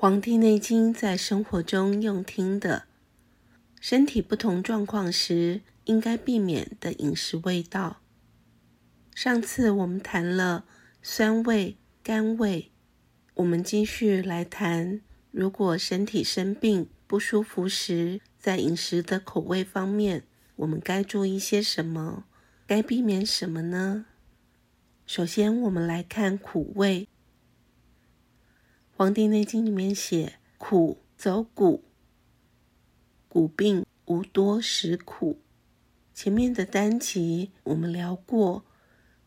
《黃帝內經》在生活中用聽的，身體不同狀況時應該避免的飲食味道。上次我們談了酸味、甘味，我們繼續來談，如果身體生病不舒服時，在飲食的口味方面，我們該注意一些什麼？該避免什麼呢？首先，我們來看苦味。黃帝內經裡面寫：“苦走骨，骨病無多食苦。”前面的單集我們聊過，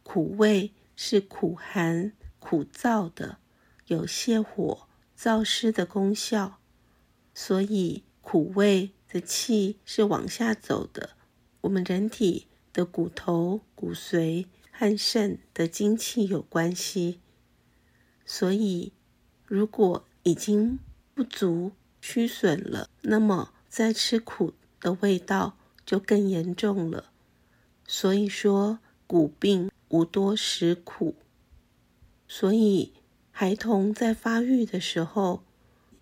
苦味是苦寒、苦燥的，有瀉火、燥濕的功效，所以苦味的氣是往下走的。我們人體的骨頭、骨髓和腎的精氣有關係，所以。如果已經不足虛損了，那麼再吃苦的味道就更嚴重了。所以說，骨病無多食苦。所以，孩童在發育的時候，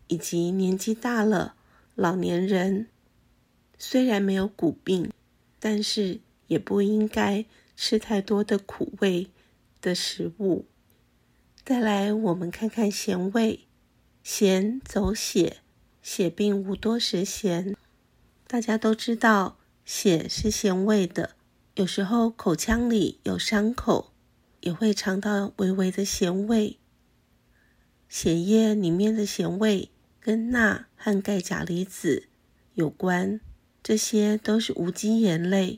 以及年紀大了、老年人，雖然沒有骨病，但是也不應該吃太多的苦味的食物。再來，我們看看鹹味，鹹走血，血病無多食鹹。大家都知道，血是鹹味的。有時候口腔裡有傷口，也會嘗到微微的鹹味。血液裡面的鹹味跟鈉和鈣鉀離子有關，這些都是無機鹽類，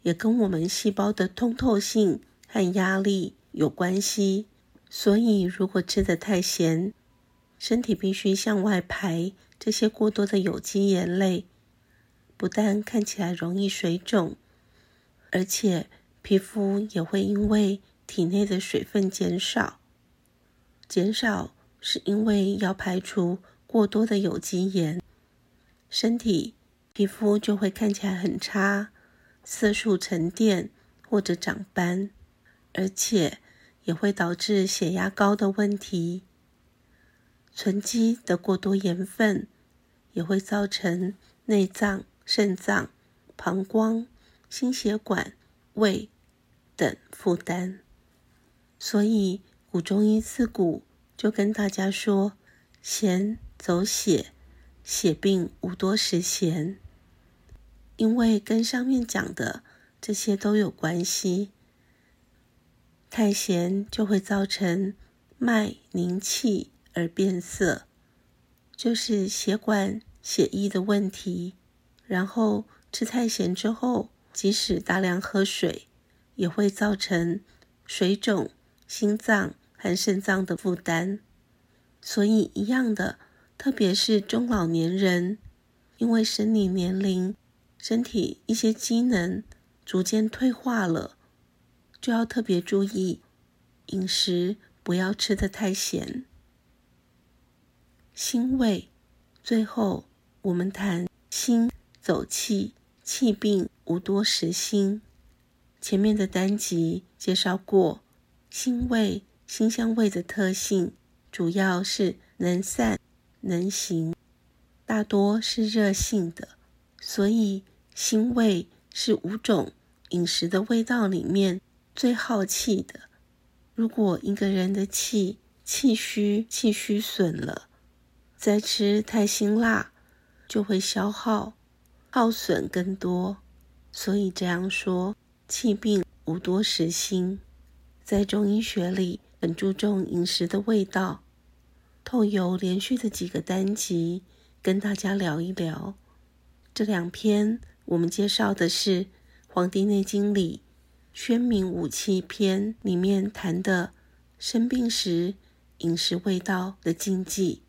也跟我們細胞的通透性和壓力有關係。所以，如果吃的太鹹，身體必須向外排這些過多的有機鹽類，不但看起來容易水腫，而且皮膚也會因為體內的水分減少，減少是因為要排除過多的有機鹽，身體皮膚就會看起來很差，色素沉澱或者長斑，而且。也會導致血壓高的問題，存積的過多鹽分也會造成內臟、腎臟、膀胱、心血管、胃等負擔。所以，古中醫自古就跟大家說：“鹹走血，血病無多食鹹。”因為跟上面講的這些都有關係。太鹹就會造成脈凝泣而變色，就是血管血液的問題。然後吃太鹹之後，即使大量喝水，也會造成水腫、心臟和腎臟的負擔。所以一樣的，特別是中老年人，因為生理年齡，身體一些機能逐漸退化了。就要特別注意飲食，不要吃得太鹹。辛味，最後，我們談辛走氣，氣病無多食辛。前面的單集介紹過，辛味、辛香味的特性主要是能散、能行，大多是熱性的，所以辛味是五種飲食的味道裡面。最耗氣的。如果一個人的氣氣虛，氣虛損了，再吃太辛辣，就會消耗、耗損更多。所以這樣說，氣病無多食辛，在中醫學裡，很注重飲食的味道。透由連續的幾個單集，跟大家聊一聊。這兩篇我們介紹的是《黃帝內經》裡。《宣明五氣篇》裡面談的生病時飲食味道的禁忌。